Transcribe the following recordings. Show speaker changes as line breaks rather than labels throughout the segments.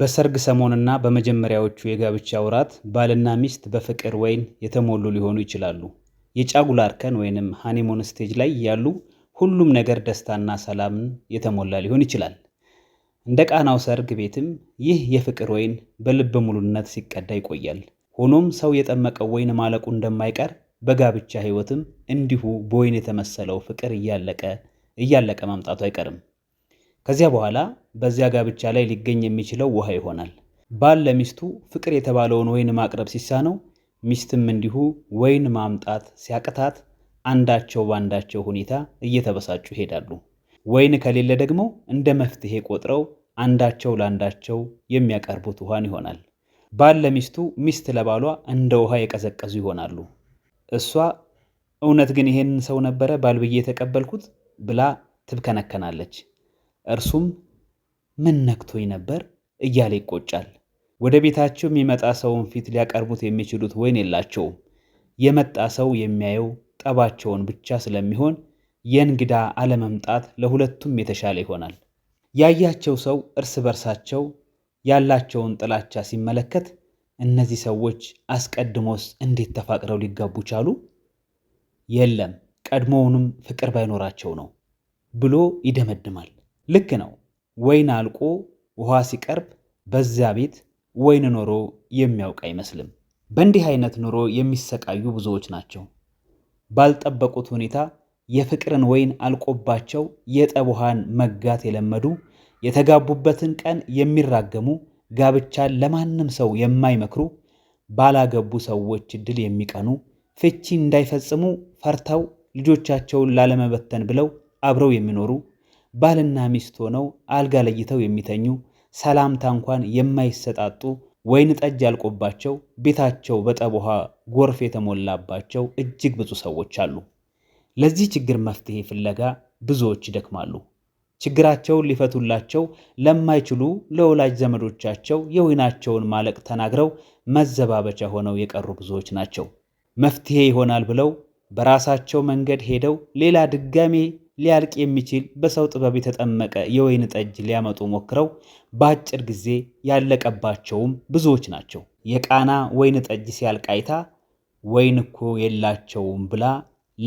በሰርግ ሰሞንና በመጀመሪያዎቹ የጋብቻ ውራት ባልና ሚስት በፍቅር ወይን የተሞሉ ሊሆኑ ይችላሉ። የጫጉላ እርከን ወይንም ሃኒሞን ስቴጅ ላይ ያሉ ሁሉም ነገር ደስታና ሰላምን የተሞላ ሊሆን ይችላል። እንደ ቃናው ሰርግ ቤትም ይህ የፍቅር ወይን በልብ ሙሉነት ሲቀዳ ይቆያል። ሆኖም ሰው የጠመቀው ወይን ማለቁ እንደማይቀር በጋብቻ ሕይወትም እንዲሁ በወይን የተመሰለው ፍቅር እያለቀ እያለቀ መምጣቱ አይቀርም። ከዚያ በኋላ በዚያ ጋብቻ ላይ ሊገኝ የሚችለው ውሃ ይሆናል። ባል ለሚስቱ ፍቅር የተባለውን ወይን ማቅረብ ሲሳነው፣ ሚስትም እንዲሁ ወይን ማምጣት ሲያቅታት አንዳቸው በአንዳቸው ሁኔታ እየተበሳጩ ይሄዳሉ። ወይን ከሌለ ደግሞ እንደ መፍትሄ ቆጥረው አንዳቸው ለአንዳቸው የሚያቀርቡት ውሃን ይሆናል። ባል ለሚስቱ፣ ሚስት ለባሏ እንደ ውሃ የቀዘቀዙ ይሆናሉ። እሷ እውነት ግን ይሄንን ሰው ነበረ ባል ብዬ የተቀበልኩት ብላ ትብከነከናለች። እርሱም ምን ነክቶኝ ነበር እያለ ይቆጫል። ወደ ቤታቸው የሚመጣ ሰውን ፊት ሊያቀርቡት የሚችሉት ወይን የላቸውም። የመጣ ሰው የሚያየው ጠባቸውን ብቻ ስለሚሆን የእንግዳ አለመምጣት ለሁለቱም የተሻለ ይሆናል። ያያቸው ሰው እርስ በርሳቸው ያላቸውን ጥላቻ ሲመለከት እነዚህ ሰዎች አስቀድሞስ እንዴት ተፋቅረው ሊጋቡ ቻሉ? የለም ቀድሞውንም ፍቅር ባይኖራቸው ነው ብሎ ይደመድማል። ልክ ነው። ወይን አልቆ ውሃ ሲቀርብ በዚያ ቤት ወይን ኖሮ የሚያውቅ አይመስልም። በእንዲህ አይነት ኑሮ የሚሰቃዩ ብዙዎች ናቸው። ባልጠበቁት ሁኔታ የፍቅርን ወይን አልቆባቸው የጠብ ውሃን መጋት የለመዱ የተጋቡበትን ቀን የሚራገሙ ጋብቻን ለማንም ሰው የማይመክሩ ባላገቡ ሰዎች እድል የሚቀኑ ፍቺ እንዳይፈጽሙ ፈርተው ልጆቻቸውን ላለመበተን ብለው አብረው የሚኖሩ ባልና ሚስት ሆነው አልጋ ለይተው የሚተኙ ሰላምታ እንኳን የማይሰጣጡ ወይን ጠጅ ያልቆባቸው ቤታቸው በጠብ ውሃ ጎርፍ የተሞላባቸው እጅግ ብዙ ሰዎች አሉ። ለዚህ ችግር መፍትሄ ፍለጋ ብዙዎች ይደክማሉ። ችግራቸውን ሊፈቱላቸው ለማይችሉ ለወላጅ ዘመዶቻቸው የወይናቸውን ማለቅ ተናግረው መዘባበቻ ሆነው የቀሩ ብዙዎች ናቸው። መፍትሄ ይሆናል ብለው በራሳቸው መንገድ ሄደው ሌላ ድጋሜ ሊያልቅ የሚችል በሰው ጥበብ የተጠመቀ የወይን ጠጅ ሊያመጡ ሞክረው በአጭር ጊዜ ያለቀባቸውም ብዙዎች ናቸው። የቃና ወይን ጠጅ ሲያልቅ አይታ ወይን እኮ የላቸውም ብላ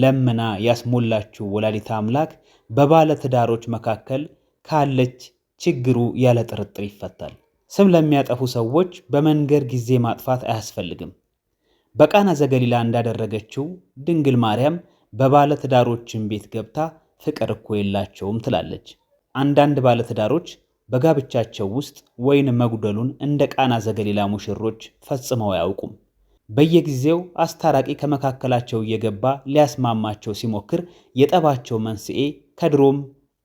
ለምና ያስሞላችው ወላዲተ አምላክ በባለ ትዳሮች መካከል ካለች ችግሩ ያለ ጥርጥር ይፈታል። ስም ለሚያጠፉ ሰዎች በመንገድ ጊዜ ማጥፋት አያስፈልግም። በቃና ዘገሊላ እንዳደረገችው ድንግል ማርያም በባለ ትዳሮችን ቤት ገብታ ፍቅር እኮ የላቸውም ትላለች። አንዳንድ ባለትዳሮች በጋብቻቸው ውስጥ ወይን መጉደሉን እንደ ቃና ዘገሊላ ሙሽሮች ፈጽመው አያውቁም። በየጊዜው አስታራቂ ከመካከላቸው እየገባ ሊያስማማቸው ሲሞክር የጠባቸው መንስኤ ከድሮም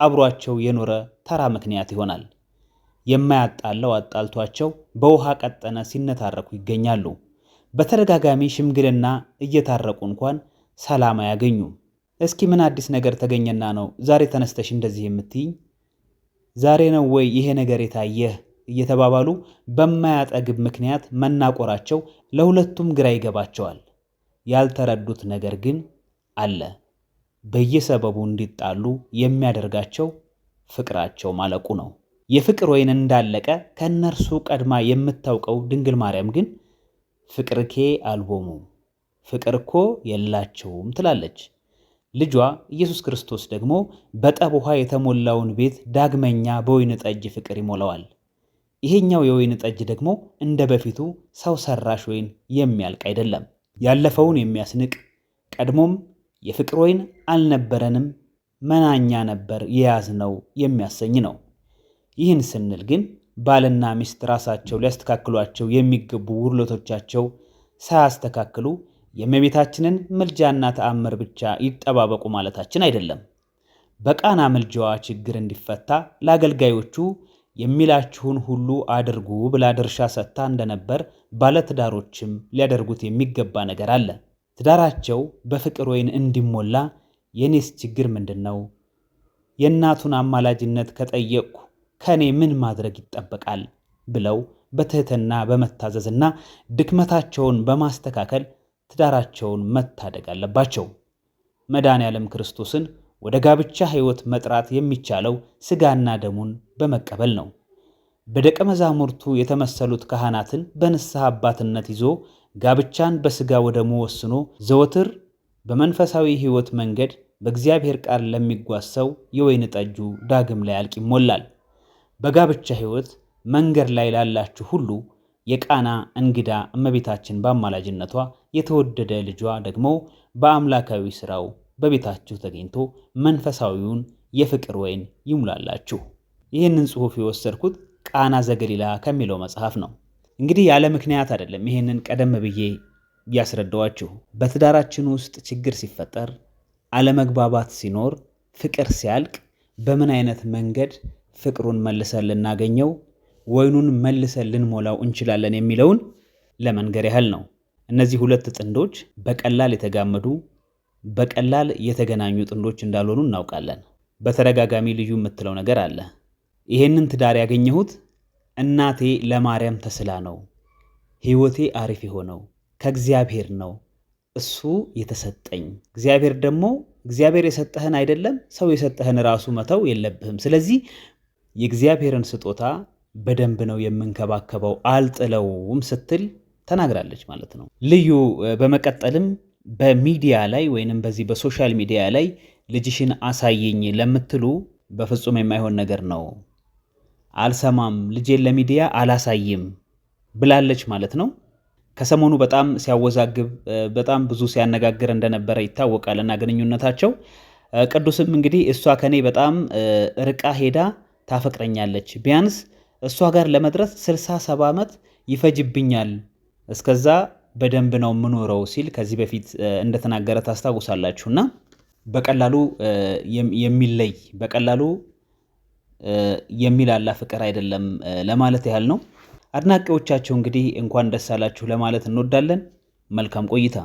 አብሯቸው የኖረ ተራ ምክንያት ይሆናል። የማያጣለው አጣልቷቸው በውሃ ቀጠነ ሲነታረኩ ይገኛሉ። በተደጋጋሚ ሽምግልና እየታረቁ እንኳን ሰላም አያገኙም። እስኪ ምን አዲስ ነገር ተገኘና ነው ዛሬ ተነስተሽ እንደዚህ የምትይኝ? ዛሬ ነው ወይ ይሄ ነገር የታየህ? እየተባባሉ በማያጠግብ ምክንያት መናቆራቸው ለሁለቱም ግራ ይገባቸዋል። ያልተረዱት ነገር ግን አለ። በየሰበቡ እንዲጣሉ የሚያደርጋቸው ፍቅራቸው ማለቁ ነው። የፍቅር ወይን እንዳለቀ ከእነርሱ ቀድማ የምታውቀው ድንግል ማርያም ግን ፍቅርኬ አልቦሙ ፍቅር እኮ የላቸውም ትላለች። ልጇ ኢየሱስ ክርስቶስ ደግሞ በጠብ ውሃ የተሞላውን ቤት ዳግመኛ በወይን ጠጅ ፍቅር ይሞላዋል። ይሄኛው የወይን ጠጅ ደግሞ እንደ በፊቱ ሰው ሰራሽ ወይን የሚያልቅ አይደለም። ያለፈውን የሚያስንቅ ቀድሞም የፍቅር ወይን አልነበረንም መናኛ ነበር የያዝነው የሚያሰኝ ነው። ይህን ስንል ግን ባልና ሚስት ራሳቸው ሊያስተካክሏቸው የሚገቡ ውርሎቶቻቸው ሳያስተካክሉ የእመቤታችንን ምልጃና ተአምር ብቻ ይጠባበቁ ማለታችን አይደለም። በቃና ምልጃዋ ችግር እንዲፈታ ለአገልጋዮቹ የሚላችሁን ሁሉ አድርጉ ብላ ድርሻ ሰጥታ እንደነበር ባለትዳሮችም ሊያደርጉት የሚገባ ነገር አለ። ትዳራቸው በፍቅር ወይን እንዲሞላ የኔስ ችግር ምንድን ነው? የእናቱን አማላጅነት ከጠየቅኩ ከእኔ ምን ማድረግ ይጠበቃል? ብለው በትህትና በመታዘዝና ድክመታቸውን በማስተካከል ትዳራቸውን መታደግ አለባቸው። መድኃኔ ዓለም ክርስቶስን ወደ ጋብቻ ሕይወት መጥራት የሚቻለው ሥጋና ደሙን በመቀበል ነው። በደቀ መዛሙርቱ የተመሰሉት ካህናትን በንስሐ አባትነት ይዞ ጋብቻን በሥጋ ወደሙ ወስኖ ዘወትር በመንፈሳዊ ሕይወት መንገድ በእግዚአብሔር ቃል ለሚጓዝ ሰው የወይን ጠጁ ዳግም ላይ አልቅ ይሞላል። በጋብቻ ሕይወት መንገድ ላይ ላላችሁ ሁሉ የቃና እንግዳ እመቤታችን በአማላጅነቷ የተወደደ ልጇ ደግሞ በአምላካዊ ሥራው በቤታችሁ ተገኝቶ መንፈሳዊውን የፍቅር ወይን ይሙላላችሁ። ይህንን ጽሑፍ የወሰድኩት ቃና ዘገሊላ ከሚለው መጽሐፍ ነው። እንግዲህ ያለ ምክንያት አይደለም። ይህንን ቀደም ብዬ ያስረዳዋችሁ። በትዳራችን ውስጥ ችግር ሲፈጠር፣ አለመግባባት ሲኖር፣ ፍቅር ሲያልቅ በምን አይነት መንገድ ፍቅሩን መልሰን ልናገኘው ወይኑን መልሰን ልንሞላው እንችላለን የሚለውን ለመንገር ያህል ነው። እነዚህ ሁለት ጥንዶች በቀላል የተጋመዱ በቀላል የተገናኙ ጥንዶች እንዳልሆኑ እናውቃለን። በተደጋጋሚ ልዩ የምትለው ነገር አለ። ይሄንን ትዳር ያገኘሁት እናቴ ለማርያም ተስላ ነው፣ ሕይወቴ አሪፍ የሆነው ከእግዚአብሔር ነው፣ እሱ የተሰጠኝ እግዚአብሔር ደግሞ እግዚአብሔር የሰጠህን አይደለም ሰው የሰጠህን ራሱ መተው የለብህም። ስለዚህ የእግዚአብሔርን ስጦታ በደንብ ነው የምንከባከበው አልጥለውም ስትል ተናግራለች ማለት ነው። ልዩ በመቀጠልም በሚዲያ ላይ ወይንም በዚህ በሶሻል ሚዲያ ላይ ልጅሽን አሳየኝ ለምትሉ በፍጹም የማይሆን ነገር ነው። አልሰማም፣ ልጄን ለሚዲያ አላሳይም ብላለች ማለት ነው። ከሰሞኑ በጣም ሲያወዛግብ በጣም ብዙ ሲያነጋግር እንደነበረ ይታወቃል እና ግንኙነታቸው ቅዱስም እንግዲህ እሷ ከኔ በጣም ርቃ ሄዳ ታፈቅረኛለች ቢያንስ እሷ ጋር ለመድረስ 67 ዓመት ይፈጅብኛል፣ እስከዛ በደንብ ነው የምኖረው ሲል ከዚህ በፊት እንደተናገረ ታስታውሳላችሁ። እና በቀላሉ የሚለይ በቀላሉ የሚላላ ፍቅር አይደለም ለማለት ያህል ነው። አድናቂዎቻቸው እንግዲህ እንኳን ደስ አላችሁ ለማለት እንወዳለን። መልካም ቆይታ